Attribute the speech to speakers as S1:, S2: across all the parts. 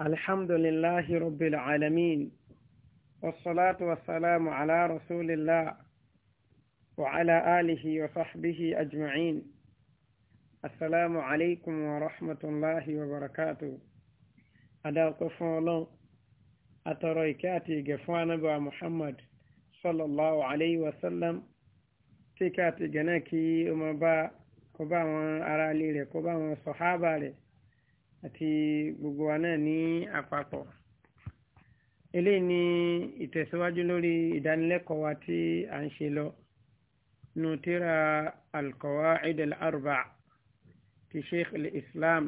S1: الحمد لله رب العالمين والصلاة والسلام على رسول الله وعلى آله وصحبه أجمعين السلام عليكم ورحمة الله وبركاته أدا قفوا الله أترويكاتي قفوانا بها محمد صلى الله عليه وسلم تكاتي جناكي أمبا كبا من أرالي لقبا من صحابة لي àti gbogbo wa náà ní àpapọ̀ eléyìí ni ìtẹ̀síwájú lórí ìdánilẹ́kọ̀ọ́ wa tí a ń ṣe lọ nù tíra al-Qawa'id al-Arba' ti sheikh al-Islam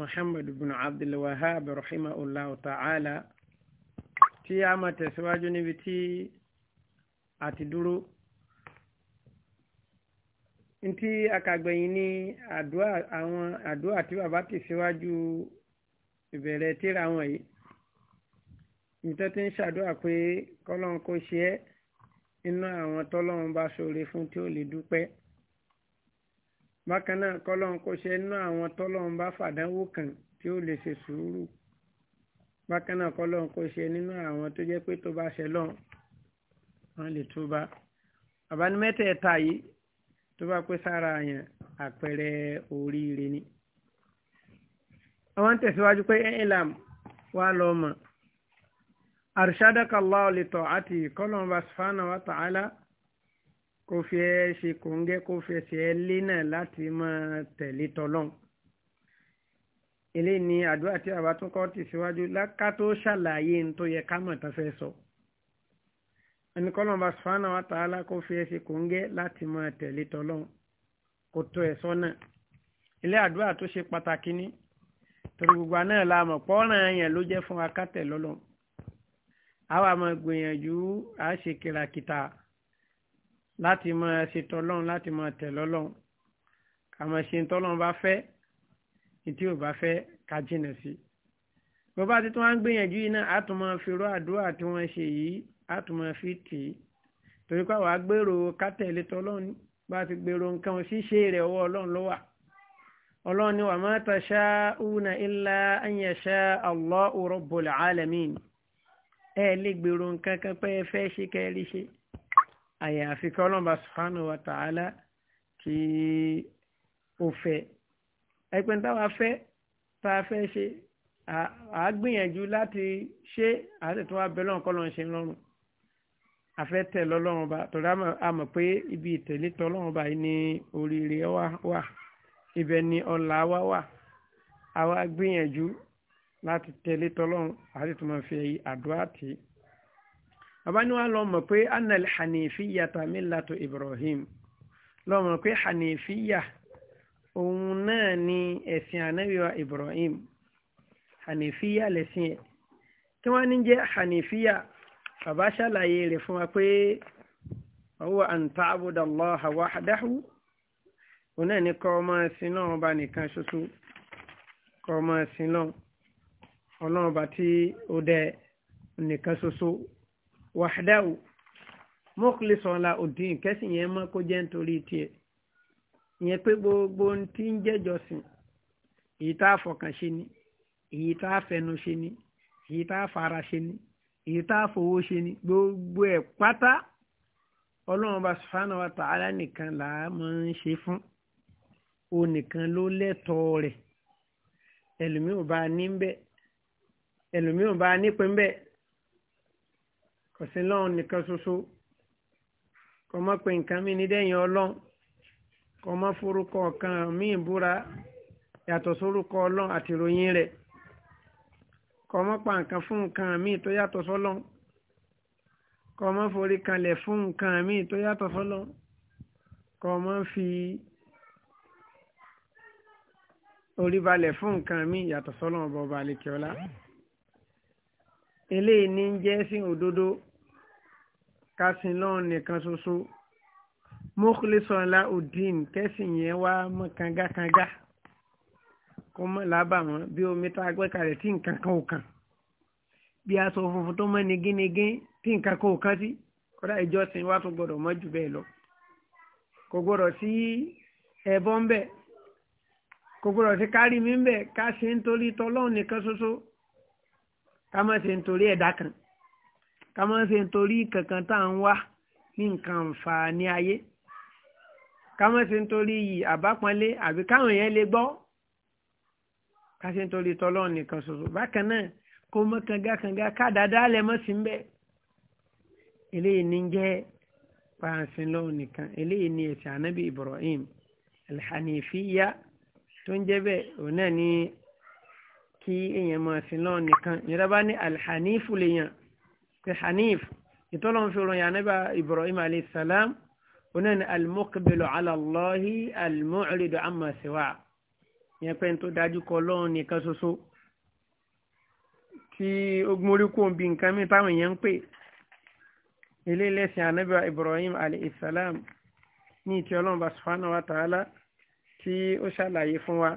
S1: Muhammad ibn Abdul Wahhab rahimahullahu ta'ala tí a máa tẹ̀síwájú níbi tí a ti dúró ntí akàgbẹ̀yìn ní àdúrà àwọn àdúrà tí bàbá ti síwájú ìbẹ̀rẹ̀ tíra wọn yìí nítorí tí ń ṣàdúrà pé kọ́lọ́n kò ṣe é inú àwọn tọ́lọ́run bá ṣoore fún tí ó lè dúpẹ́ bákan náà kọ́lọ́n kò ṣe inú àwọn tọ́lọ́run bá fàdánwò kàn tí ó lè ṣe sùúrù bákan náà kọ́lọ́n kò ṣe nínú àwọn tó jẹ́ pé tó bá ṣe wọn lè túbà àbánimẹ́tẹ̀ẹ̀ta yìí tó bá pé sára yẹn àpẹẹrẹ oríire ni. wọ́n tẹ̀síwájú pé ẹ̀ẹ́làm wà lọ́mọ arṣadaka allah li ta'ati kọ́lọ́n bá subhanahu wa ta'ala kó fi ẹ ṣe kòńgẹ́ kó fi ẹsẹ̀ lé náà láti máa tẹ̀lé tọ́lọ́n eléyìí ni àdúrà tí àbá tún kọ́ tẹ̀síwájú ká tó ṣàlàyé ní tó yẹ ká mọ̀ tán fẹ́ sọ ẹni kọ́lọ́n bá sùfánà wa tààlà kó fi ẹsẹ̀ kò ń gẹ́ láti máa tẹ̀lé tọ́lọ́n kó tó ẹ̀ sọ́nà ilé àdúrà tó ṣe pàtàkì ní torí gbogbo àná la mọ̀ pọ́nrán yẹn ló jẹ́ fún wa ká tẹ̀ lọ́lọ́n àwa máa gbìyànjú à á ṣe kìràkìtà láti máa ṣe tọ́lọ́n láti máa tẹ̀ lọ́lọ́n ká máa ṣe tọ́lọ́n bá fẹ́ ìtí ò bá fẹ́ ká jìnà sí bó bá ti tún wá gbìyànjú yìí náà á fi rú àdúrà tí wọ́n ṣe yìí a tún máa fi tì í torí pé àwa gbèrò kátẹ̀lé tọ́lọ́run bá ti gbèrò nǹkan ṣíṣe rẹ̀ ọwọ́ ọlọ́run ló wà ọlọ́run ni wa ma tasha'una illa an yasha Allahu rabbul alamin ẹ lè gbèrò nǹkan kan pé ẹ fẹ́ ṣe kẹ́rí ṣe àyàfi kí ọlọ́run bá subhanahu wa ta'ala kí ó fẹ́ ẹgbẹ́ táwa fẹ́ tá a fẹ́ ṣe àá gbìyànjú láti ṣe àti tó wá bẹ́ẹ̀ lọ́nkọ́ lọ́n ṣe lọ́rùn afẹ́ tẹ̀ lọ́lọ́run ba torí a mọ̀ pé ibi ìtẹ̀lé tọ́lọ́run ba yìí ní oríire wà ibẹ̀ ni ọlá wa wà àwa gbìyànjú láti tẹ̀lé tọ́lọ́run àti tó máa fi àdúrà tì í. bàbá ni wàá lọ mọ̀ pé anal hanifiya ta millatu Ibrahim lọ mọ̀ pé hanifiya òun náà ni ẹ̀sìn anabiwa Ibrahim hanifiya lẹ́sìn ẹ̀ tí wọ́n ní jẹ́ hanifiya bàbá ṣàlàyé rẹ̀ fún wa pé huwa an ta'budallaha wahdahu òun náà ní kọ́ máa sin náà ọba nìkan ṣoṣo kọ́ máa sin náà ọlọ́run ọba tí ó dẹ nìkan ṣoṣo wahdahu mukhlisan lahu ddin kẹ́sì yẹn mọ́ kó jẹ́ nítorí tiẹ̀ ìyẹn pé gbogbo tí ń jẹ́jọsìn èyí tá a fọkàn ṣe ni èyí tá a fẹnu ṣe ni èyí tá a fara ṣe ni èyí afọ a fowó ṣe ni gbogbo ẹ pátá ọlọ́run bá subhanahu wa ta'ala nìkan là á máa ń ṣe fún o nìkan ló lẹ́tọ̀ọ́ rẹ̀ ẹlòmíì bá ní ń bá nípe ń bẹ̀ kò sí lọ́run nìkan ṣoṣo kò mọ̀ pé nǹkan mi ní dẹ́yìn ọlọ́run kò forúkọ kan yàtọ̀ sórúkọ ọlọ́run rẹ̀. kọ́ mọ́ pa nǹkan fún nǹkan míì tó yàtọ̀ sọ́lọ́n kọ́ mọ́ forí kanlẹ̀ fún nǹkan míì tó yàtọ̀ sọ́lọ́n kọ́ mọ́ fi orí balẹ̀ fún nǹkan míì yàtọ̀ sọ́lọ́n ọba ọba àlekèọ́lá eléyìí ní ń jẹ́ sí òdodo kásìn nìkan ṣoṣo mukhlisan la udin kẹ́sìn yẹn wá mọ́ kó mọ́ lábàmọ́ bí omi tá a gbé kalẹ̀ tí nǹkan kan ò kàn bí aṣọ funfun tó mọ́ nigínigín tí nǹkan kan ò kàn sí kódà ìjọsìn wa tó gbọ́dọ̀ mọ́ jù bẹ́ẹ̀ lọ kò gbọ́dọ̀ sí ẹbọ ń bẹ kò gbọ́dọ̀ sí kárí mi ń bẹ ká ṣe ń torí tọlọ́run nìkan ṣoṣo ká má ṣe ń torí ẹ̀dá kan ká má ṣe ń torí kankan tá à ń wá ní nǹkan àǹfààní ayé ká má ṣe ń torí yìí àbí káwọn yẹn lè gbọ́ kásí nítorí tọ́lọ́run nìkan ṣoṣo bákan náà kó mọ́ kangakanga kádàádáa lẹ̀ mọ́ sí bẹ́ẹ̀ eléyìí ní jẹ́ pàǹsìn lọ́run nìkan eléyìí ní ẹ̀sìn ànábì Ibrahim alhanifiya tó ń jẹ́ bẹ́ẹ̀ òun náà ní kí èèyàn máa sin lọ́run nìkan ìrẹ́bá ní alhanifu lèèyàn pé hanif ìtọ́lọ́run fi ròyìn ànábì Ibrahim alayhisalam òun náà ní almuqbilu ala Allahi almu'ridu amma siwa yẹn pẹ́ tó dájú kọ lọ́run nìkan ṣoṣo tí ogun orí kò ń bi nǹkan mi táwọn èèyàn ń pè ilé lẹ́sìn anábíà Ibrahim alayhisalam ní ìtì ọlọ́run bá subhanahu wa ta'ala tí ó ṣàlàyé fún wa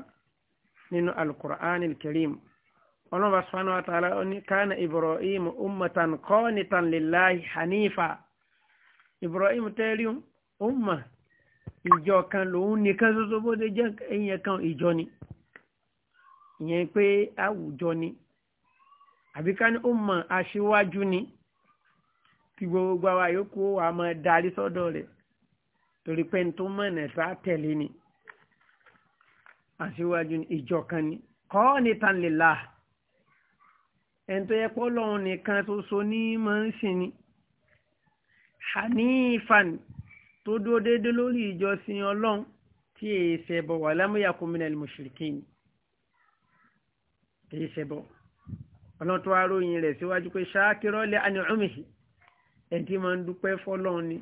S1: nínú alukur'an alkarim ọlọ́run bá subhanahu wa ta'ala ó ní kánà Ibrahim ummatan qanitan lillahi hanifa Ibrahim tẹ́rí umma ìjọ kan lòun nìkan ṣoṣo bó ṣe jẹ́ ẹ̀yìn kan ìjọ ni ìyẹn pé àwùjọ ni àbí ká ní ó mọ aṣíwájú ni kí gbogbo àwa yòókù wa máa darí sọ́dọ̀ rẹ̀ torí pé tó mọ̀nà ẹ̀fà tẹ̀lé ni aṣíwájú ni ìjọ kan ni kọ́ ni tan lè la ẹni tó yẹ pọ́ lọ́hùn nìkan ṣoṣo ní máa ń sìn ni hanifan tó dúró déédé lórí ìjọsìn ọlọ́run tí èyí ṣẹbọ wà lámúyà kúmínà mùṣìríkìn èyí ṣẹbọ ọlọ́run tó wá ròyìn rẹ̀ síwájú pé ṣáàkìrọ́lẹ̀ àníọ́mìhì ẹ̀ tí máa ń dúpẹ́ fọlọ́run ni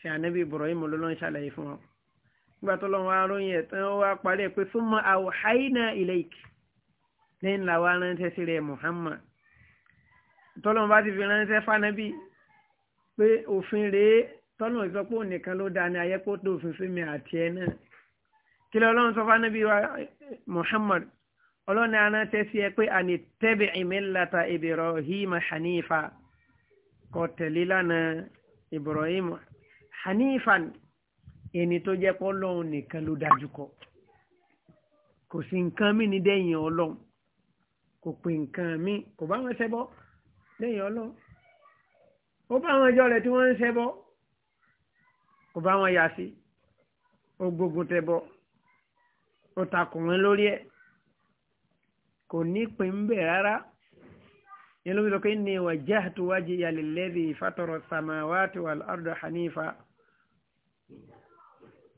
S1: ṣe ànábì Ibrahim lọ́lọ́run ṣàlàyé fún wa nígbà tó lọ́wọ́ aróyìn ẹ̀ tán wá parí ẹ̀ pé súnmọ́ àwòháínà ilayk lẹ́yìn làwọn aránṣẹ́ sí rẹ̀ Muhammad tọ́lọ́run bá ti fi ránṣẹ́ fánábì pé òfin rèé tọ́lọ̀ sọ pé òun nìkan ló dáa ní ayé kó tó òfin fún mi àti ẹ náà kí ló ọlọ́run sọ fánábí wa Muhammad ọlọ́run àná tẹ́sí ẹ pé àní tẹ́bẹ̀ ìmẹ́lẹ́ta Ibrahim hanifa kọ tẹ̀lé lánàá Ibrahim hanifa ẹni tó jẹ́ pé ọlọ́run nìkan ló dájú kọ kò sí nǹkan mí ní dẹ́yìn ọlọ́run kò pè nǹkan mí kò bá wọn ṣẹbọ lẹ́yìn ọlọ́run ó bá àwọn ìjọ rẹ̀ tí wọ́n ń ṣẹbọ kò bá wọn yà sí ó gbógun tẹ bọ ó takùnrin lórí ẹ kò ní pín ń bẹ rárá yẹn ló fi sọ pé ní wajjahtu wajhiya lilladhi fatara samawati wal arda hanifa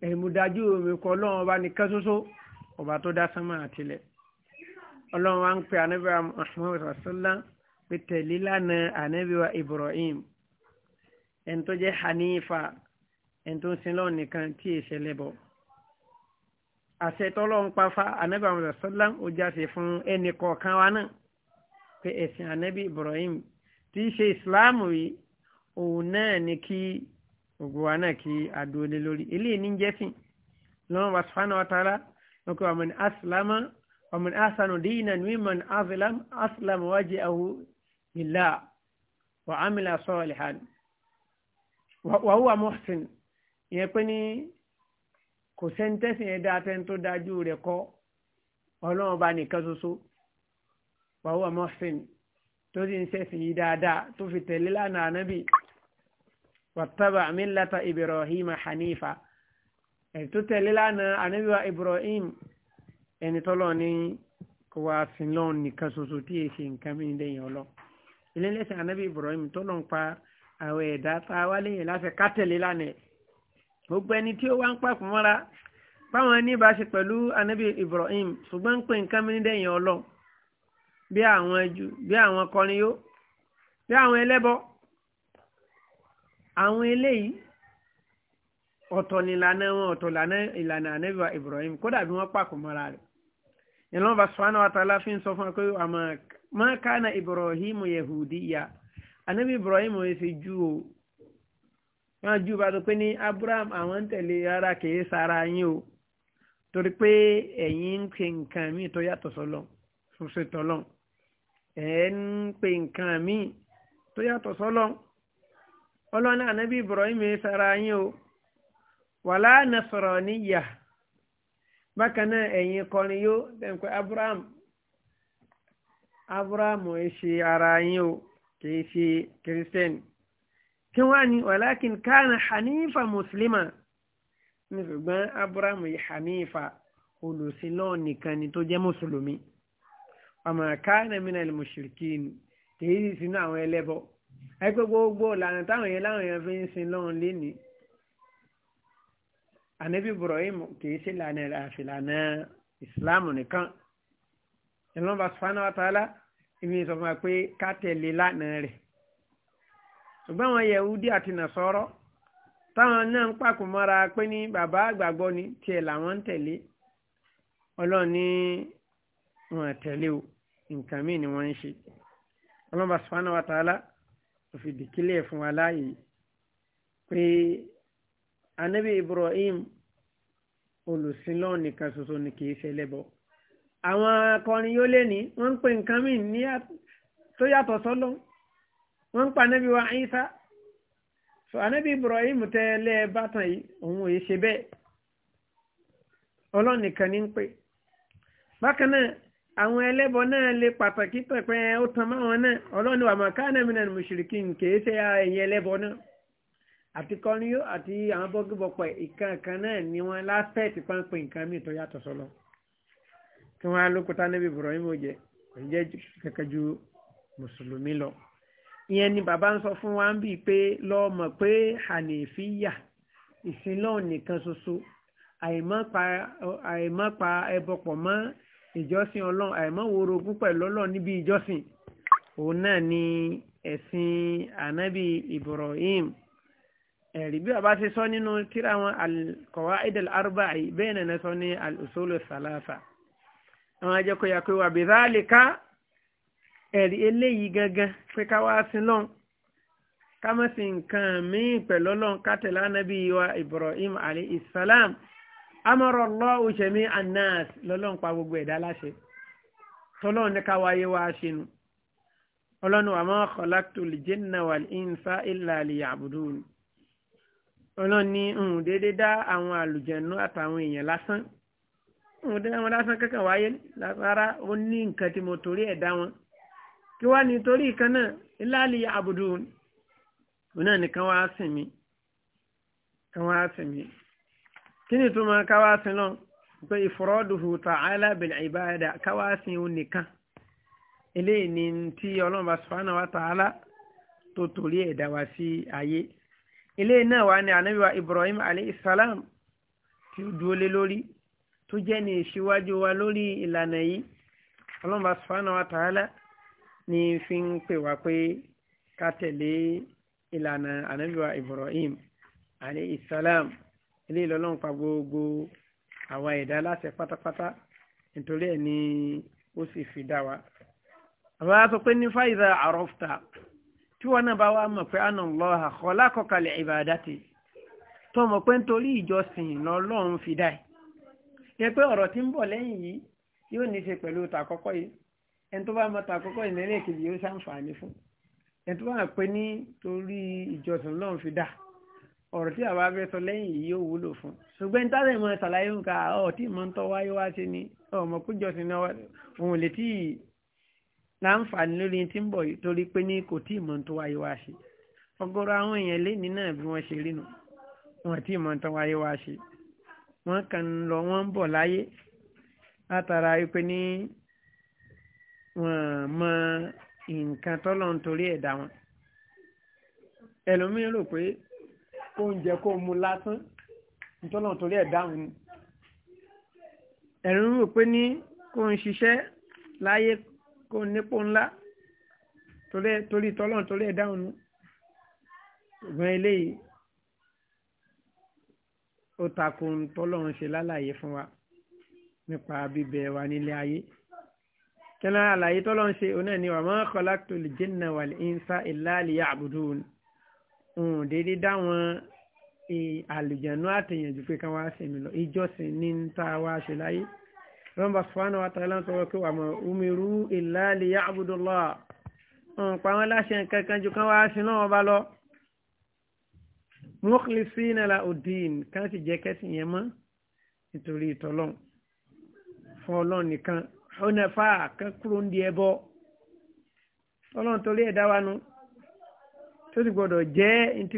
S1: ẹ̀mùdájú omi kọ ọlọ́run ọba nìkan ṣoṣo ọba tó dá sánmà àtìlẹ̀ ọlọ́run wa ń pè ànábì wa Muhammad sallam pé tẹ̀lé lánàá ànábì wa Ibrahim ẹni tó jẹ́ hanifa ẹni tó ń sin lọ́wọ́ nìkan tí è ṣe lẹ́bọ̀ àṣẹ tọ́lọ́run pafá anábì àwọn ọ̀sọ́lá ó jáde fún ẹnì kọ̀ọ̀kan wa náà pé ẹ̀sìn anábì Ibrahim tí í ṣe ìsìláàmù yìí òun náà ni kí ògbó wa náà kí adúlé lórí eléyìí ní jẹ́sìn lọ́wọ́ wa subhanahu wa ta'ala wọ́n asìlámà ọmọ asànù dínà ní asìlámù wajhahu lillah wa amila salihan wa huwa muhsin ìyẹn pé ní kò sẹ́ńtẹ́sì yẹn dáa tẹ́ni tó dájú rẹ̀ kọ́ ọlọ́run bá nìkan ṣoṣo wàhù amọ́sìn tó ti ń ṣẹ̀sìn yìí dáadáa tó fi tẹ̀lé lánàá ànábì wàtábà millata Ibrahim hanifa ẹni tó tẹ̀lé lánàá ànábì wa Ibrahim ẹni tọ́lọ́ ní kó wá sin lọ́run nìkan ṣoṣo tí èsì nǹkan mi lẹ́yìn ọlọ́ ilé lẹ́sìn ànábì Ibrahim tọ́lọ́ ń pa àwọn ẹ̀dá tá a wá lẹ́yìn láfẹ́ ká tẹ̀lé lánàá gbogbo ẹni tí ó wá ń pàpọ̀ mọ́ra báwọn ní bá ṣe pẹ̀lú anabi Ibrahim ṣùgbọ́n ń pè nǹkan mi dẹ́yìn ọlọ bí àwọn jù bí àwọn kọrin yó bí àwọn ẹlẹ́bọ àwọn eléyìí ọ̀tọ̀ nílànà wọn ọ̀tọ̀ ìlànà anabi Ibrahim kódà bí wọ́n pàpọ̀ mọ́ra rẹ̀ ìlànà bá sùfàánù àtàlà fi ń sọ fún wa pé àmọ́ máa kánà Ibrahim Yahudiya anabi Ibrahim ò ṣe jù o wọ́n jù bá sọ pé ní Abraham àwọn ń tẹ̀lé ara kìí sara yín o torí pé ẹ̀yin ń pe nǹkan míì tó yàtọ̀ sọlọ ṣoṣo tọlọ ẹ̀ ń pe nǹkan míì tó yàtọ̀ sọlọ ọlọ́ni ànábì Ibrahim sara yín o wàlá nasraniyya bákan náà ẹ̀yin kọrin yóò dẹ̀nkọ́ Abraham Abraham ẹ̀ ṣe ara yín o kìí ṣe kírísítẹ́nì kí wọ́n ní wàlákin kánà hanifa muslima ní ṣùgbọ́n abrahamu yìí hanifa olùsílọ́ nìkan ni tó jẹ́ mùsùlùmí ọmọ kánà minal mushrikin kìí sì sínú àwọn ẹlẹ́bọ ẹgbẹ́ gbogbo lànà táwọn yẹn láwọn yẹn fi ń sin lọ́run léni anabi ibrahim kìí ṣe lànà àfìlànà ìsìláàmù nìkan ìlànà bá sùfàánà wa ìmí sọ fún wa pé ká tẹ̀lé lánàá rẹ̀ ṣùgbọ́n àwọn yẹ̀wúdí àti nàṣọ́rọ́ táwọn náà ń pàkó mọ́ra pé ní bàbá àgbàgbọ́ ni tiẹ̀ làwọn ń tẹ̀lé ọlọ́run ní wọn tẹ̀lé o nǹkan míì ni wọ́n ń ṣe ọlọ́run bá subhanahu wa ta'ala ó fi fún wa láàyè pé anabi Ibrahim olùsìnlọ́ọ̀ nìkan ṣoṣo ni kì í ṣe lẹ́bọ àwọn akọrin yóò lé ní wọ́n ń pè nǹkan míì tó yàtọ̀ sọ́lọ́run wọ́n ń pa anábì wa Ìsá so anábì Ibrahim tẹ́lẹ̀ e bátan yìí òun ò yẹ ṣe bẹ́ẹ̀ ọlọ́run nìkan ní ń pè bákan náà àwọn ẹlẹ́bọ náà lè pàtàkì pẹ̀pẹ́ ó tan máwọn náà ọlọ́run ní wàmà káà náà mìíràn mùṣìríkì kìí ṣe ẹ̀yìn ẹlẹ́bọ náà àti kọrin yóò àti àwọn bọ́gìbọ̀pọ̀ ìkan kan náà ni wọ́n láspẹ́ẹ̀tì pánpẹ́ nǹkan míì tó yàtọ̀ sọ́lọ́ kí wọ́n á lókúta níbi Ibrahim ò jẹ́ kò jẹ́ kankan ju mùsùlùmí lọ ìyẹn ni bàbá ń sọ fún wa ń bì pé lọ́ọ́ pé hànífíyà ìsìn nìkan ṣoṣo àìmọ́ pa ẹbọ pọ̀ mọ́ ìjọsìn ọlọ́run àìmọ́ worogún pẹ̀lú ọlọ́run níbi ìjọsìn òun náà ni ẹ̀sìn ànábì Ibrahim ẹ̀rí bí bàbá ti sọ nínú tírà wọn al-Qawaid al-Arba'i bẹ́ẹ̀ nana sọ ní al-Usul al àwọn ajẹ́kọ̀ọ́ yà pé wà bidhalika ẹ̀rí eléyìí gangan pé ká wá sí lọ́n ká má sí nǹkan míì pẹ̀lú ọlọ́run ká tẹ̀lé ànábì wa Ibrahim alayhi salam amọ̀rọ̀ lọ́wọ́ ṣẹ̀mí anas lọ́lọ́run pa gbogbo ẹ̀dá láṣẹ tọ́lọ́run ní ká wáyé wá ṣe nu ọlọ́run wa ma khalaqtul jinna wal insa illa liya'budun ọlọ́run ní ń dédé dá àwọn àlùjẹ̀nu àtàwọn èèyàn lásán ń dédé àwọn lásán kankan wáyé rárá ó ní nǹkan tí mo torí ẹ̀dá wọn kí wá ní torí kan náà ìlàlì àbùdù òun náà nìkan wá sìn mí kan wá sìn mí kí ni túmọ̀ ká wá sìn lọ pé ìfọ̀rọ̀dùhù ta'ala bil ibada ká wá sìn òun nìkan eléyìí ni tí ọlọ́run bá subhanahu wa ta'ala tó torí ẹ̀dá wá sí ayé eléyìí náà wá ní ànábì Ibrahim alayhi salam tí ó dúró lé lórí tó jẹ́ ní ìṣíwájú wa lórí ìlànà yìí ọlọ́run bá subhanahu wa ní fi ń pè wá pé ká tẹ̀lé ìlànà ànábìwá Ibrahim alayhi salam ilé ìlọ́lọ́run pa gbogbo àwa ẹ̀dá láṣẹ pátápátá nítorí ẹ̀ ni ó sì fi dá wa. àwọn aṣọ pé ní fáìzà àròfta tí wọn náà bá wá mọ̀ pé àna Allah khalaqaka li ibadati tó mọ̀ pé nítorí ìjọsìn lọ́lọ́run fi dá ẹ̀. yẹ pé ọ̀rọ̀ tí ń bọ̀ lẹ́yìn yìí yóò ní í ṣe pẹ̀lú tàkọ́kọ́ yìí ẹni tó bá mọ tàkọ́kọ́ ìmẹ́lẹ̀ kejì yóò ṣàǹfààní fún ẹni tó bá mọ̀ pé nítorí ìjọsìn lọ́n fi dà ọ̀rọ̀ tí àwa fẹ́ sọ lẹ́yìn yìí yóò wúlò fún ṣùgbọ́n ní tálẹ̀ mọ ṣàlàyé nǹka ọ̀ tí ń tọ́ wáyé wá ṣe ni ọmọ kújọsìn náà òun lè tí láǹfààní lórí tí ń bọ̀ torí pé ní kò tí mọ̀ ń tọ́ wáyé wá ṣe ọ̀gọ̀rọ̀ àwọn èèyàn lẹ́ni náà bí wọ́n ṣe rí nu wọn tí mọ̀ ń tọ́ wáyé wá ṣe wọ́n kàn ń lọ wọ́n ń bọ̀ láyé látara pé ní wọn mọ nǹkan tọ́lọ̀ ń torí ẹ̀dá wọn ẹlòmíràn rò pé oúnjẹ kó mu lásán tọ́lọ̀ ń torí ẹ̀dá wọn ni ẹ̀rù rò pé ní kó ń ṣiṣẹ́ láyé kó ń nípò ńlá torí tọ́lọ̀ ń torí ẹ̀dá wọn ṣùgbọ́n eléyìí ó takò ń tọ́lọ̀ ń ṣe lálàyé fún wa nípa bíbẹ wa nílé ayé kíná àlàyé tọ́lọ́ ń ṣe òun náà ni wa ma khalaqtul jinna wal insa illa liya'budun òun déédéé dáwọn àlùjànnú àtẹ̀yànjú pé ká wá sinmi lọ ìjọsìn ní ń ta wá ṣe láyé rọ́mbà subhanahu wa ta'ala ń sọ̀rọ̀ pé wa ma umiru illa liya'budullah òun pa wọn láṣẹ kankan ju kán wá sí náà wọn bá lọ. mukhlisina la'uddin kan sì jẹ́ kẹ́sìn yẹn mọ́ nítorí ìtọ́lọ́ fún ọlọ́run nìkan hunafa kan kúrò ebo di torí ẹ̀ dá wa nu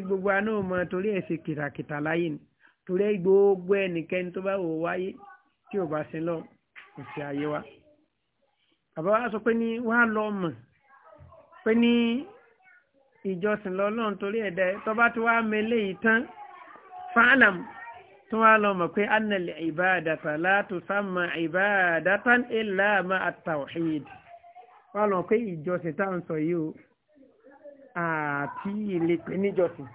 S1: gbogbo aná mọ torí ẹ̀ ṣe kìtàkìtà láyé ni torí ẹ̀ gbogbo ẹnikẹ́ni tó bá wò wáyé tí ò bá sin lọ kò sí ayé wa. bàbá wa sọ pé ní wàá lọ mọ̀ pé ní ìjọsìn lọ́lọ́run torí dá ẹ tó bá ti wá tún wá lọ mọ̀ pé annal ìbáadàtà látò sáàmà ìbáadàtà illa ma at-tawhid wá lọ pé ìjọsìn tá ń sọ yìí o àti ilé pé níjọsìn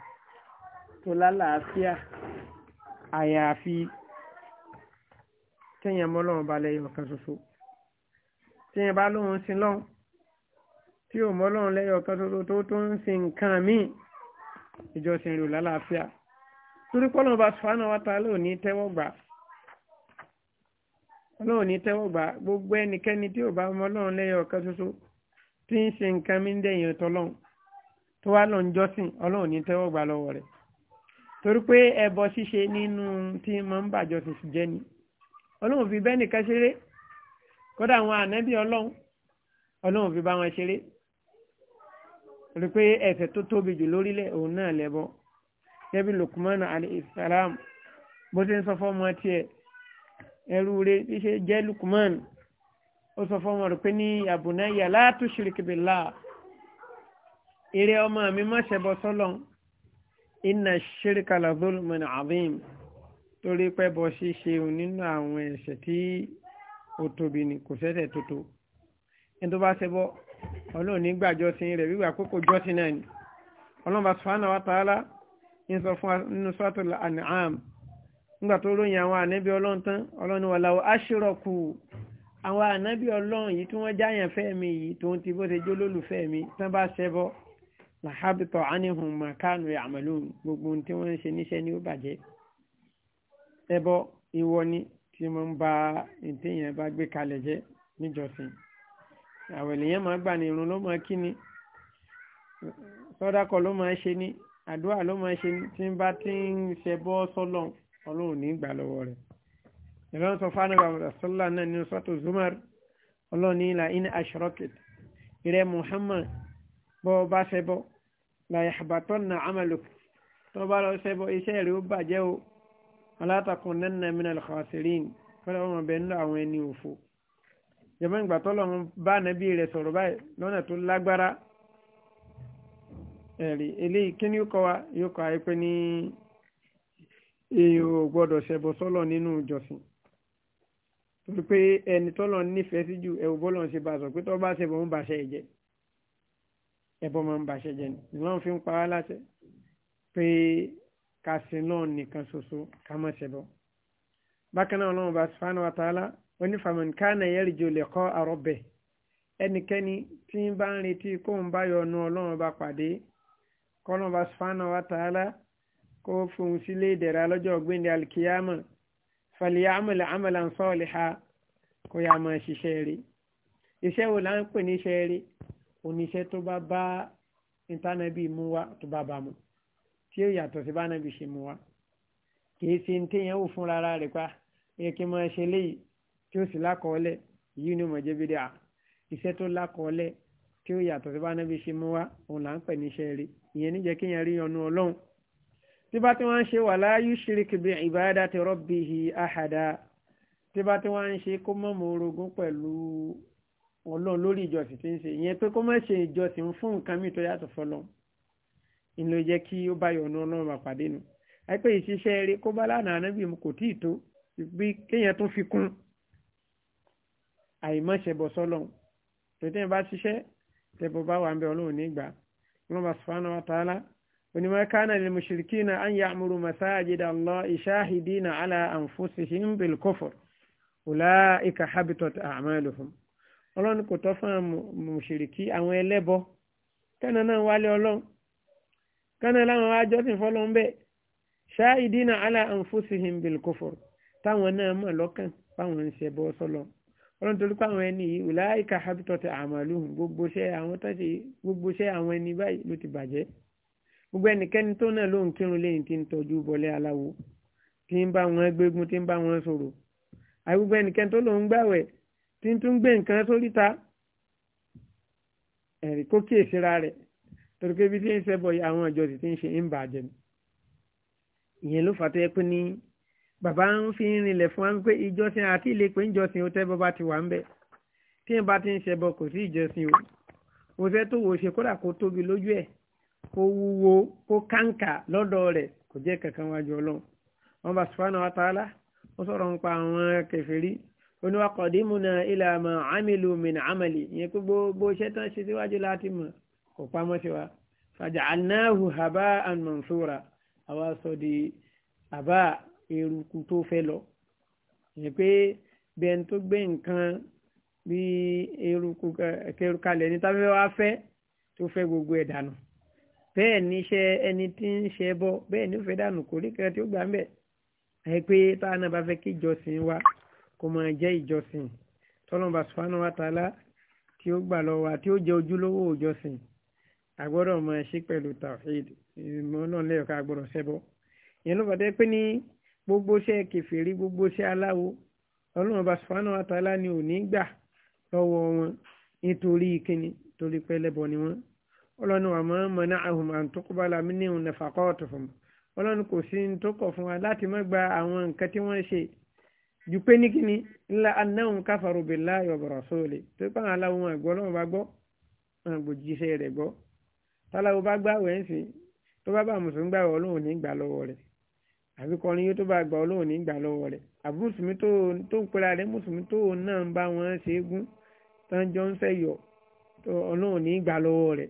S1: tó lálàáfíà àyàfi téèyàn mọ́ lọ́wọ́ balẹ̀ ọ̀kan ṣoṣo téèyàn bá lóun sin lọ́wọ́ tí ò mọ́ lọ́wọ́ lẹ́yọ̀ ọ̀kan ṣoṣo tó tó sin nǹkan míì ìjọsìn rò lálàáfíà. torí pé bá sùfánà gbogbo ẹnikẹ́ni tí ò bá mọ ọlọ́run lẹ́yọ ọ̀kan ṣoṣo tí ń ṣe nǹkan mí ń dẹ̀yìn tó wá jọ́sìn ọlọ́run ní ẹbọ ṣíṣe nínú tí mo ń sì jẹ́ ni ọlọ́run fi bẹ́ẹ̀ nìkan ṣeré kódà àwọn ọlọ́run ọlọ́run fi bá wọn gẹ́bí Lukman alayhisalam bó ti ń sọ fọ́mọ tiẹ̀ ẹrú rẹ̀ bí ṣe jẹ́ Lukman ó sọ fọ́mọ rẹ̀ pé ní àbùnà yà la tushrik billah eré ọmọ mi má ṣe bọ sọ́lọ̀ inna shirka la zulmun azim torí pé bọ́ ṣíṣe nínú àwọn ẹ̀ṣẹ̀ tí ó tóbi ni kò sẹ́sẹ̀ tó tó ṣe bọ́ ọlọ́run nígbàjọ́sìn rẹ̀ wíwà kókò jọ́sìn náà ni ọlọ́run bá wa ta'ala ń sọ an'am nígbà tó ròyìn àwọn ànábì ọlọ́run tán ọlọ́run wà láwọ aṣírọ̀kù àwọn ànábì ọlọ́run yìí tí wọ́n jáyàn fẹ́ mi yìí tó ń ti bó ṣe jó lólùfẹ́ tán bá ṣẹbọ làhábìtọ̀ ánìhùn màkánù àmàlù gbogbo tí wọ́n ń ṣe níṣẹ́ ni ó bàjẹ́ ẹbọ ìwọ ni tí mo ń ba ìtẹ̀yìn bá gbé kalẹ̀ jẹ́ níjọsìn àwọn ènìyàn máa gbà ní àdúrà ló máa ṣe tí ń bá ti ń ṣe bọ́ sọ́lọ̀ ọlọ́run ní ìgbà lọ́wọ́ rẹ̀ ìlọ́run sọ fún àwọn àṣọlá náà nínú sọ́tò zumar ọlọ́run ní ilà in ashrokit ìrẹ́ muhammad bọ́ bá ṣe bọ́ láyé àbátọ́ na amalok tó bá lọ ṣe bọ́ iṣẹ́ rẹ̀ ó bàjẹ́ o alátakùn náà nà mí nàlẹ́ wọn bẹ̀ nínú àwọn ẹni òfo jẹ́mọ́ ìgbà tọ́lọ́run bá nàbí rẹ̀ sọ̀rọ̀ báyìí lọ́nà tó lágbára ẹ̀rí eléyìí kí ni ó kọ́ wa yóò kọ́ ayé pé ní èèyàn ò gbọ́dọ̀ ṣẹbọ sọ́lọ̀ nínú ìjọsìn torí pé ẹni tọ́lọ̀ nífẹ̀ẹ́ sí jù ẹ̀wù bọ́lọ̀ ń ṣe bá sọ pé tọ́ bá ṣẹbọ ń bàṣẹ jẹ ẹbọ máa ń bàṣẹ jẹ ni ìlànà fi ń pa á láṣẹ pé ká sin náà nìkan ṣoṣo ká má ṣẹbọ bákan náà ọlọ́run bá subhanahu wa ta'ala onífàmọ́n kánà yarju liqa'a rabbih ẹnikẹ́ni tí ń bá ń retí kóun bá ọ̀nà ọlọ́run bá pàdé kọ́nà bá sùfánà wa tààlà kó fún sílé ìdẹ̀ra lọ́jọ́ gbẹ̀ndẹ̀ alikiyama fàlìyà amala amalan saliha kó yà máa ṣiṣẹ́ rí iṣẹ́ wo là ń pè ní iṣẹ́ rí oníṣẹ́ tó bá bá ìtànàbí mú wa tó bá bá mu tí ó yàtọ̀ sí bá nàbí ṣe mú wa kìí ṣe ní téèyàn wò fún rárá rẹ̀ pa ẹ kí n máa ṣe léyìí tí ó sì lákọọ́lẹ̀ yìí ni mo jẹ́ bídà iṣẹ́ tó lákọọ́lẹ̀ tí ó yàtọ̀ sí bá nàbí ṣe mú wa òun là ń pè ní iṣẹ́ rí ìyẹn níjẹ́ kí yẹn rí ọnu ọlọ́run tí bá tí wọ́n ń ṣe wala yushrik bi ibadati rabbihi ahada tí bá tí wọ́n ń ṣe kó mọ́ mọ́ orogún pẹ̀lú ọlọ́run lórí ìjọsìn tí ń ṣe ìyẹn pé kó má ṣe ìjọsìn fún nǹkan mi tó yàtọ̀ fọlọ́run ìlò jẹ́ kí ó bá yọ̀nù ọlọ́run àpàdé nu àìpẹ́ ìṣiṣẹ́ eré kó bá lánàá anábì mu kò tíì tó bí kéèyàn tún fi kún àìmọ́ṣẹ̀bọ̀ sọ́lọ́run tòtẹ́yìn bá ṣiṣẹ́ tẹ̀bọ̀ bá wà ń bẹ ọlọ́run nígbà ọlọ́mọba subhanahu wa ta'ala onímọ̀ kánà lil mushrikina an ya'muru masajida Allahi shahidina ala anfusihim bil kufr ulaika habitat a'maluhum ọlọ́run kò tọ́ fún mùṣìríkí àwọn ẹlẹ́bọ kánà náà wálé ọlọ́run kánà láwọn ajọ́sìn fọlọ́n bẹ́ẹ̀ shahidina ala anfusihim bil kufr táwọn náà mọ̀ lọ́kàn báwọn ń ṣe bọ́ sọ́lọ́run ọlọ́run torí pé àwọn ẹni yìí wùláìka habitọ́tì àmàlùhùn gbogbo iṣẹ́ àwọn tó ṣe gbogbo iṣẹ́ àwọn ẹni báyìí ló ti bàjẹ́ gbogbo ẹnikẹ́ni tó náà ló ń kírun lẹ́yìn tí ń tọ́jú bọlé aláwo tí ń bá wọn gbégun tí ń bá wọn sọ̀rọ̀ àti gbogbo ẹnikẹ́ni tó ló gbàwẹ̀ tí ń tún gbé nǹkan sóríta ẹ̀rí kó kíyèsíra rẹ̀ torí pé ibi tí ń ṣẹbọ àwọn ìjọ sì ti ń ṣe ń bàjẹ́ ìyẹn ló fà bàbá ń fi rinlẹ̀ fún wa pé ìjọsìn àti ilé pé ìjọsìn ó tẹ́ bọ́ bá ti wà ń bẹ̀ tí n bá ti ń ṣẹbọ kò sí ìjọsìn o mo fẹ́ tó wò ṣe kódà kó tóbi lójú ẹ̀ kó wúwo kó kàǹkà lọ́dọ̀ rẹ̀ kò jẹ́ kankan wájú ọlọ́run wọn bá subhanahu wa ta'ala ó sọ̀rọ̀ nípa àwọn kèfèrí oníwà qadimuna ila ma amilu min amali ìyẹn pé gbogbo iṣẹ́ tán ṣe síwájú láti mọ̀ kò pamọ́ sí wa faja'alnahu haba'an mansura àwa sọ di àbá eruku tó fẹ́ lọ ìyẹn pé bí ẹni tó gbé nǹkan bí eruku kẹrùkalẹ̀ ní tábẹ́ wá fẹ́ tó fẹ́ gbogbo ẹ̀ dànù bẹ́ẹ̀ ni iṣẹ́ ẹni tí ń ṣe bọ́ bẹ́ẹ̀ ni ó fẹ́ dànù kò rí kan tí ó gbà ń bẹ̀ ẹ pé táwọn náà bá fẹ́ kí ìjọsìn wa kó máa jẹ́ ìjọsìn tọ́lọ́mùbá sùfánù wa tààlà tí ó gbà lọ wa tí ó jẹ́ ojúlówó ìjọsìn àgbọ́dọ̀ máa ṣe pẹ̀lú tàwíìd ìmọ̀ náà lẹ́yọ̀ká àgbọ́dọ̀ ṣẹbọ ìyẹn ló fàdé pé ní gbogbo iṣẹ́ kẹfìrí gbogbo iṣẹ́ aláwo ọlọ́run bá sùfánà àtàlà ni ò ní gbà lọ́wọ́ wọn nítorí kíni torí pé ẹlẹ́bọ ni wọ́n ọlọ́run wà mọ́ mọ́nà àhùn àǹtókòbálà mí ní òun nàfà kọ́ọ̀tù fún mi ọlọ́run kò sí ní tó kọ̀ fún wa láti má gba àwọn nǹkan tí wọ́n ṣe ju pé ní kíni ńlá anáhùn káfàrò bèlá yọ̀bọ̀rọ̀ sóòlè tó pé aláwo wọn àgbọ̀ ọlọ́run bá gbọ́ wọn àgbò jíṣẹ́ rẹ̀ gbọ́ táláwo bá gbàwẹ̀ ń tó bá bá mùsùlùmí gbàwẹ̀ ọlọ́run ní gbà lọ́wọ́ rẹ̀ àbí kọrin yóò tó bá gba ọlọ́run nígbà lọ́wọ́ rẹ̀ àbí mùsùlùmí tó ń pera rẹ̀ mùsùlùmí tó náà ń bá wọn ṣe é gún tán jọ ń fẹ̀yọ̀ ọlọ́run nígbà lọ́wọ́ rẹ̀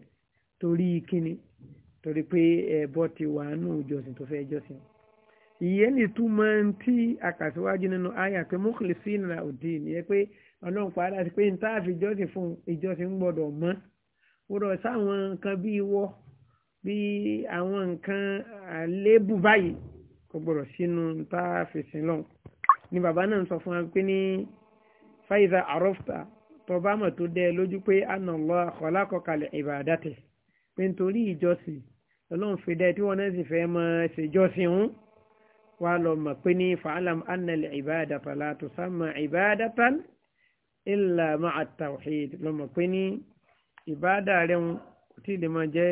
S1: torí kíni torí pé ẹ̀bọ ti wà nù ìjọsìn tó fẹ́ jọsìn. ìyẹn ní túmọ̀ tí a kà síwájú nínú àyà pé mukhlisina òdì nìyẹn pé ọlọ́run padà sí pé níta àfi ìjọsìn fún ìjọsìn gbọ́dọ̀ mọ́ gbọ́dọ̀ sáwọn nǹkan bíi wọ́ bíi àwọn nǹkan àléébù báyìí kò gbọ́dọ̀ sínú tá a fèsì lọ́hùn ni bàbá náà sọ fún wa pé ní faiza arofta tọba mọ̀ tó dẹ́ lójú pé anallahu khalaqakal ibadati pé nítorí ìjọsìn ọlọ́run fi dẹ́ tí wọ́n náà sì fẹ́ mọ ṣèjọsìn ń wá lọ mọ̀ pé ní fa'alam annal ibadata la tusamma ibadatan illa ma'a tawhid lọ mọ̀ pé ní ìbáàdà rẹ̀ ń kò tí ì lè máa jẹ́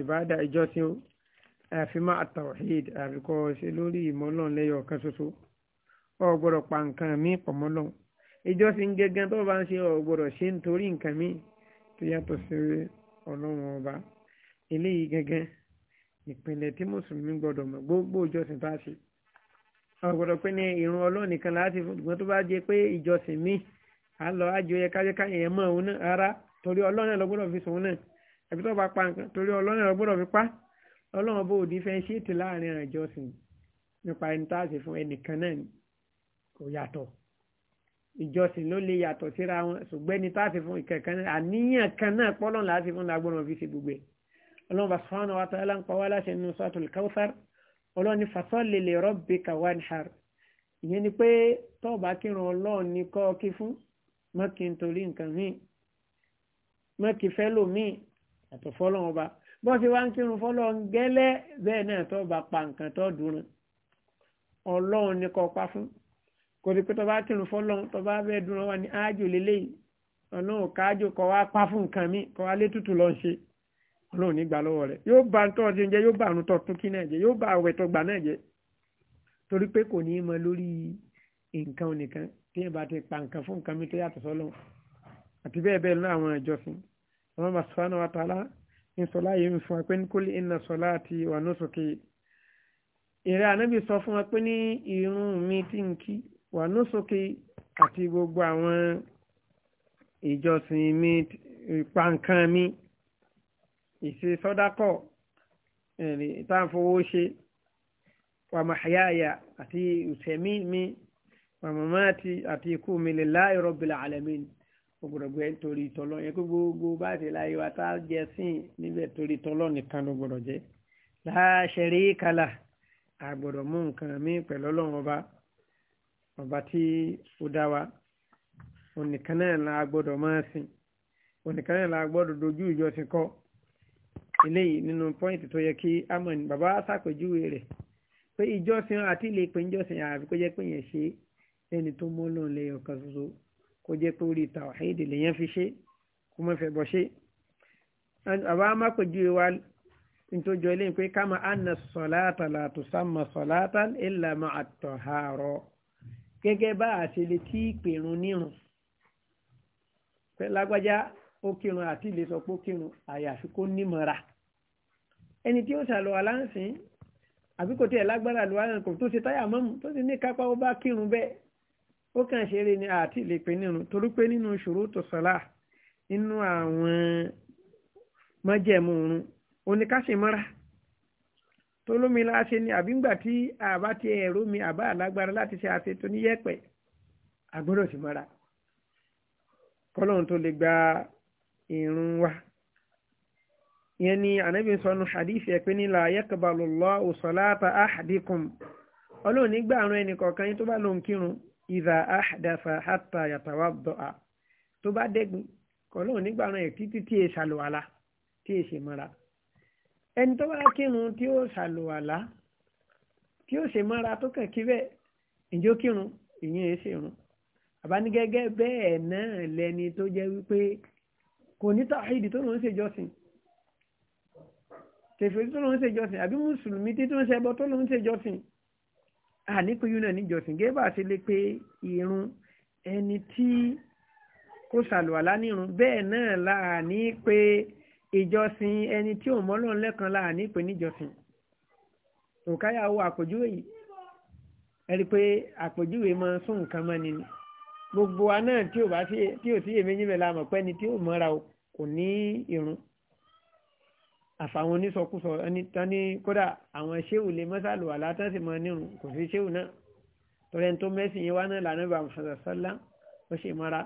S1: ìbáàdà ìjọsìn o àfi máa àtàwọ̀hìd àfikọ́ ṣe lórí ìmọ̀lọ́n lẹ́yọ̀ kan ṣoṣo ọ gbọ́dọ̀ pa nǹkan mi pọ̀ mọ́lọ́n ìjọsìn gẹ́gẹ́ tó bá ń ṣe ọ gbọ́dọ̀ ṣe nítorí nǹkan mi tó yàtọ̀ sí ọlọ́run ọba eléyìí gẹ́gẹ́ ìpìlẹ̀ tí mùsùlùmí gbọ́dọ̀ mọ̀ gbogbo ìjọsìn tá a ṣe ọ gbọ́dọ̀ pé ní ìrun ọlọ́run nìkan láti ṣùgbọ́n tó bá jẹ́ pé ìjọsìn mi à ń lọ àjò yẹ kájẹ́ káyẹ̀ ẹ̀ mọ́ òun náà rárá torí ọlọ́run náà ló fi sùn náà àbí tó bá pa nǹkan torí ọlọ́run náà ló fi pa á ọlọ́run bó òdi fẹ́ ṣètò láàrin àjọsìn nípa ẹni tá a ṣe fún ẹnìkan náà kò yàtọ̀ ìjọsìn ló lè yàtọ̀ síra wọn ṣùgbọ́n ẹni tá a ṣe fún ìkẹ̀kan náà àníyàn kan náà pọ́lọ́n láti fún lágbọ́n fi ṣe gbogbo ẹ̀ ọlọ́run bá sọ́nà wa tààlà ń pa wá láṣẹ nínú sọ́tòlù káwùsàr ọlọ́run ní fasọ́lì lè rọ́bì kàwán har ìyẹn ni pé tọ́ọ̀bá kírun ọlọ́run ní kọ́ kí fún mọ́kì nítorí nǹkan míì mọ́kì fẹ́ lòmíì àtọ̀fọ́lọ́run bọ́n ṣe wá ń kírun fọ́lọ́ ń gẹ́lẹ́ bẹ́ẹ̀ náà tó bá pa nǹkan tó dùn ọlọ́run ní kọ́ pa fún kò sí pé tó bá kírun fọ́lọ́ tó bá bẹ́ẹ̀ dùn wá ní ájò lélẹ́yìí ọlọ́run káájò kọ́ wá pa fún nǹkan mi kọ́ wá létútù lọ́ ń ṣe ọlọ́run nígbà lọ́wọ́ rẹ̀ yóò bá tọ́ ọdún jẹ́ yóò bá àrùn tọ́ tún kí náà jẹ́ yóò bá àwẹ̀ tó gbà náà jẹ́ torí pé kò ní í mọ lórí nǹkan nìkan ìsọlá yìí ń fún wa pé kul inna salati wa nusuki ìrẹ́ ànábì sọ fún wa ní irun mi tí ń kí wa nusuki àti gbogbo àwọn ìjọsìn mi ìpankan mi ìṣe sọ́dákọ̀ ìtàǹfowó ṣe wa mahayaya àti ìṣẹ̀mí mi wa mamati àti ikú mi lillahi rabbil alamin gbọ́dọ̀ gbé torí tọ́lọ́ yẹn kó gbogbo bá ti láyé wa tá a jẹ sín níbẹ̀ torí tọ́lọ́ nìkan ló gbọ́dọ̀ jẹ́ láṣẹrí kálá àgbọ́dọ̀ mú nǹkan mí pẹ̀lú ọlọ́run ọba ọba tí ó dá wa onìkan náà la gbọ́dọ̀ máa sìn onìkan náà la gbọ́dọ̀ dojú ìjọsìn kọ eléyìí nínú pọ́ìntì tó yẹ kí amọ̀n bàbá ṣàpèjúwe rẹ̀ pé ìjọsìn àti ilé ìpè ìjọsìn àbí kó jẹ́ pé yẹn ṣe ẹni tó mọ́ lọ́nà lẹ́yìn ọ̀kan ṣoṣo kó jẹ́ pé orí tawhid lèyàn fi ṣe kó má fẹ́ bọ́ ṣe. àbá mápèjúwe wa ntójú ilé pé kama anna sọláàtà la tusamma sọláàtàn illa ma'a at-tahara gẹ́gẹ́ bá a ṣe lè tí ìpèrún nírun lágbájá ó kírun àti ilé sọ pé ó kírun àyàfi kó nímọ̀ra ẹni tí ó ṣàlùwà láǹsìn àbí kò tiẹ̀ lágbára àlùwà náà kò tó ṣe táyà mọ́mù tó sì ní kápá ó bá kírun bẹ́ẹ̀ ó kàn ṣeré ni àti lè pè nínú torí pé nínú ṣurutu salah nínú àwọn májẹ̀mú òun oníkàṣemọ́ra tó lómi láṣẹ ni àbí ńgbà tí àbá ti ẹ̀rọ mi àbá àlágbára láti ṣe àṣetò níyẹ̀pẹ̀ àgbọ́dọ̀ sì mọ́ra kọ́lọ́run tó lè gba ìrun wa yẹn ni ànábì sọnù hadith ẹ̀ pé ní la yakbalu Allahu salata ahadikum ọlọ́run nígbà àrùn ẹnì kọ̀ọ̀kan yín tó bá lòun kírun ìdá àdàfà àtà yàtàwà bọ̀à tó bá dẹ́gbin kọ́lọ́ọ̀ nígbà náà títí tí e ṣàlùwàlà tí e ṣe mọ́ra ẹni tó bá kírun tí ó ṣàlùwàlà tí ó ṣe mọ́ra tó kàn kí bẹ́ẹ̀ ìjó kírun ìyẹn èé ṣèrun àbánigẹ́gẹ́ bẹ́ẹ̀ náà lẹni tó jẹ́ wípé kò ní tàhídì tó lòún ṣèjọsìn tèfèrí tó lòún ṣèjọsìn àbí mùsùlùmí tí tó ń ṣẹbọ tó lòún ṣèjọsìn àníkúyú náà níjọsìn gẹ́gẹ́ bá ṣe lè pé irun ẹni tí kò ṣàlùwàlá nírun bẹ́ẹ̀ náà láàní pé ìjọsìn ẹni tí ò mọ́ lọ́n lẹ́kan láàní pé níjọsìn òkáyàwó àpèjúwe yìí ẹni pé àpèjúwe máa sún nǹkan mọ́ni ni gbogbo wa náà tí ò sí èméjì mẹ́la mọ̀ pẹ́ni tí ò mọ́ra kò ní irun àfàwọn onísọkúsọ ẹni tán ní kódà àwọn ṣéwù lè mọ́sàlù wà látàn sì mọ nírun kò sí ṣéwù náà torí ẹni tó mẹ́sìn yẹn wá náà lànà bá Muhammad sallá ó ṣe mara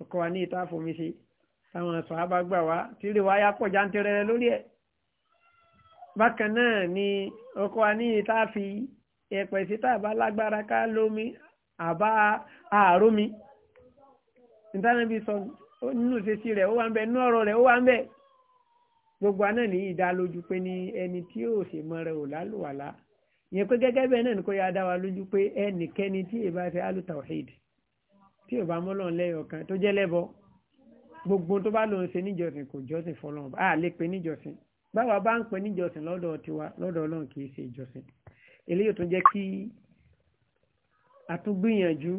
S1: ọkọ wa ní ìta fomi ṣe táwọn sọ àbá gbà wá tíri wáyà pọ̀ jántẹrẹrẹ lórí ẹ̀ bákan náà ni ọkọ wa ní ìta fi ẹ̀pẹ̀ sí tá àbá lágbára ká lómi àbá àrómi ìtànàbí sọ nínú ìṣesí rẹ̀ ó wà ń bẹ gbogbo aná ní ìdá lójú pé ní ẹni tí yóò ṣe mọ rẹ ò lálùwàlá ìyẹn pé gẹ́gẹ́ bẹ́ẹ̀ náà ni kò yá dá wa lójú pé ẹnikẹ́ni tí èèbá ṣe alutawhid tí ò bá mọ́lọ́n lẹ́yọ̀ kan tó jẹ́ lẹ́bọ gbogbo tó bá lòun ṣe níjọsìn kò jọ́sìn fọlọ́n a lè pe níjọsìn báwa bá ń pe níjọsìn lọ́dọ̀ tiwa lọ́dọ̀ ọlọ́run kì í ṣe ìjọsìn eléyìí tó jẹ́ kí àtúngbìyànjú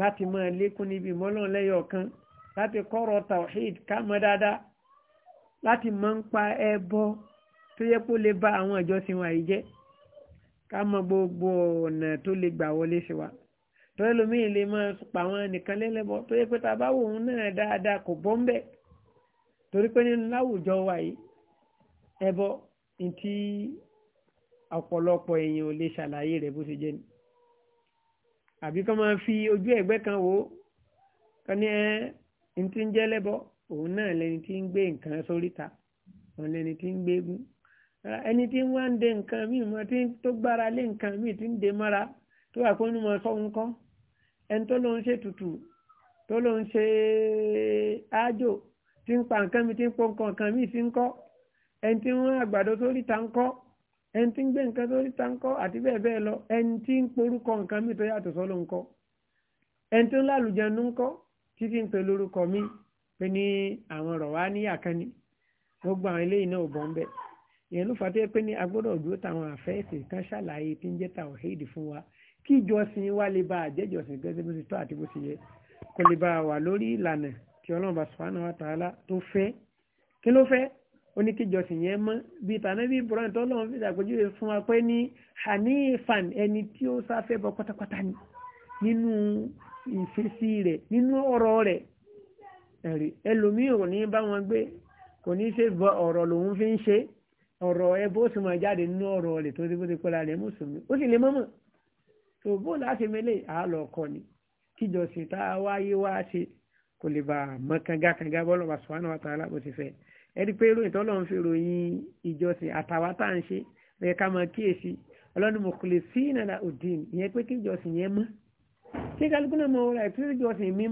S1: láti máa lékún níbi mọ́lọ́n lẹ́yọ̀ kan láti kọ́rọ̀ tawhid ká mọ̀ dáadáa láti mọ̀ ń pa ẹbọ tó yẹ kó lè bá àwọn ìjọsìn wa yìí jẹ́ ká mọ gbogbo ọ̀nà tó lè gbà wọlé sí wa tọ́lẹ́ lómi lè máa pa àwọn nìkan lẹ́lẹ́bọ tó yẹ pé tá bá wò òun náà dáadáa kò bọ́ ń bẹ̀ torí pé nínú láwùjọ wa yìí ẹbọ ntí ọ̀pọ̀lọpọ̀ èèyàn ò lè ṣàlàyé rẹ̀ bó ṣe jẹ́ ni àbí kọ́ máa fi ojú ẹ̀gbẹ́ kan wò ó kọ́ ní ẹ́ ntí ń jẹ́ lẹ́bọ òun náà lẹni tí ń gbé nǹkan sóríta òun lẹni tí ń gbégún ẹni tí wọ́n ń de nǹkan míì mọ́ tí tó gbára lé nǹkan míì tí ń de mọ́ra tó wà pé ó ń mọ sọ́hun kọ́ ẹni tó ló ń ṣe tutù tó ló ń ṣe ájò tí ń pa nǹkan mi tí ń pọ nǹkan mi sí ń kọ́ ẹni tí wọ́n àgbàdo sóríta ń kọ́ ẹni tí ń gbé nǹkan sóríta ń kọ́ àti bẹ́ẹ̀ bẹ́ẹ̀ lọ ẹni tí ń porúkọ nǹkan mi tó yàtọ̀ sọ́lọ́ ń kọ́ ẹni tó ń lálùjẹun ń kọ́ títí ń pè lórúkọ mi pé ní àwọn rọ̀wá ní àkànní gbogbo àwọn eléyìí náà ò bọ́ ń bẹ̀ ìyẹn ló fàtẹ́ pé ní agbọ́dọ̀ dúró táwọn àfẹ́ẹ̀sì kan ṣàlàyé tí ń jẹ́ tàwọn èdè fún wa kí ìjọsìn wa lè bá àjẹjọsìn gẹ́gẹ́ bó ti tọ́ àti bó ti yẹ kó lè bá wà lórí ìlànà tí ọlọ́run bá subhanahu wa ta'ala tó fẹ́ kí ló fẹ́ ó ní kí ìjọsìn yẹn mọ́ bí tàná bí ìbúrọ̀n tó lọ́run fi ṣàpèjúwe fún wa pé ní hanifan ẹni tí ó sáfẹ́ bọ́ pátápátá ni nínú ìfesí rẹ̀ nínú ọ̀rọ̀ rẹ̀ ẹ̀rí ẹlòmíì ò ní bá wọn gbé kò ní ṣe bọ ọ̀rọ̀ lòun fi ń ṣe ọ̀rọ̀ ẹ bó sì máa jáde nínú ọ̀rọ̀ rẹ̀ tó ti bó ti pẹ́ la rẹ̀ mùsùlùmí ó sì lè mọ́mọ́ tó bó láti mẹ́lẹ̀ àálọ̀ ọkọ ni kíjọsìn tá a wáyé wá ṣe kò lè bà mọ́ kanga kanga bọ́lọ̀ bá sùn àwọn àtàlà bó ti fẹ́ ẹ rí i pé ròyìn tó lọ́n fi ròyìn ìjọsìn àtàwá tá à ń ṣe rẹ̀ ká máa kíyèsí ọlọ́run mọ̀kùlẹ̀ sí ìnana òdìn ìyẹn pé kíjọsìn yẹn mọ́ kí kálukú náà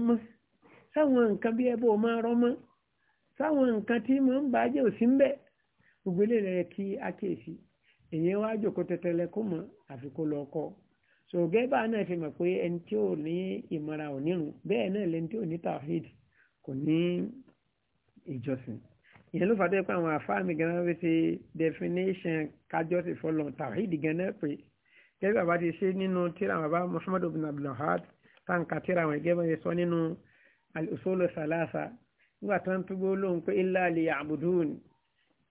S1: mọ sáwọn nǹkan bí ẹbọ máa rọmọ sáwọn nǹkan tí mo ń bàjẹ́ òsì ń bẹ̀ gbogbo ilé rẹ̀ kí akéèsì èyí wá jòkó tẹtẹlẹ kó mọ̀ àfi kó lọ kọ́ ṣògẹ́ bá náà fi mọ̀ pé ẹni tí ò ní ìmọ̀ra onírun bẹ́ẹ̀ náà lẹni tí ò ní tawhid kò ní ìjọsìn ìyẹn ló fàtẹ́ pé àwọn àfáà mi gan-an fi ṣe definition kájọ́sìn fọlọ́ tawhid gan-an pé gẹ́gẹ́ bàbá ti ṣe nínú tíra bàbá Muhammadu bin Abdul Ahad táǹkà tíra àwọn ẹgẹ́ bá sọ nínú al-usulu thalatha nígbà tó ń túbọ̀ lóhùn pé illa liya'budun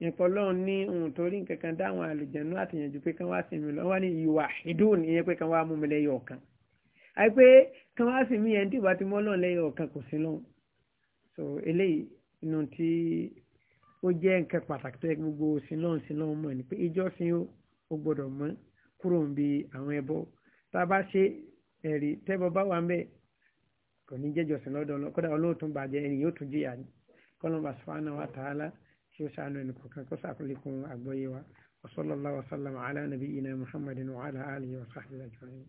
S1: nǹkan ọlọ́run ní ohun torí nǹkankan dáhùn àlùjẹ̀nú àtìyànjú pé kán wá sí mi lọ́wọ́ ní yuwahhidun ìyẹn pé kán wá mú mi lẹ́yọ̀ ọ̀kan àyè pé kán wá sí mi yẹn tí ìbá ti mọ́ lọ́run lẹ́yọ̀ ọ̀kan kò sí lọ́hùn so eléyìí inú tí ó jẹ́ nǹkan pàtàkì tó yẹ gbogbo sílọ́hún sílọ́hún mọ̀ ni pé ìjọsìn ó gbọ́dọ̀ mọ́ kúrò ń bi àwọn ẹbọ tá a bá ṣe ẹ̀rí tẹ́bọ bá wà ń bẹ́ẹ̀ kò ní jẹ́ jọ̀sìn lọ́dọ̀ ọlọ́ kódà olóòtún bàjẹ́ ẹni yóò tún jìyà ni kọ́lọ́mbà sùfàánà wa tààlà tí ó sànù ẹnì kọ̀ọ̀kan kó sàkólékún àgbọ́yé wa wa sallallahu wa sallam ala nabiyyina muhammadin wa ala alihi wa sahbihi ajma'in.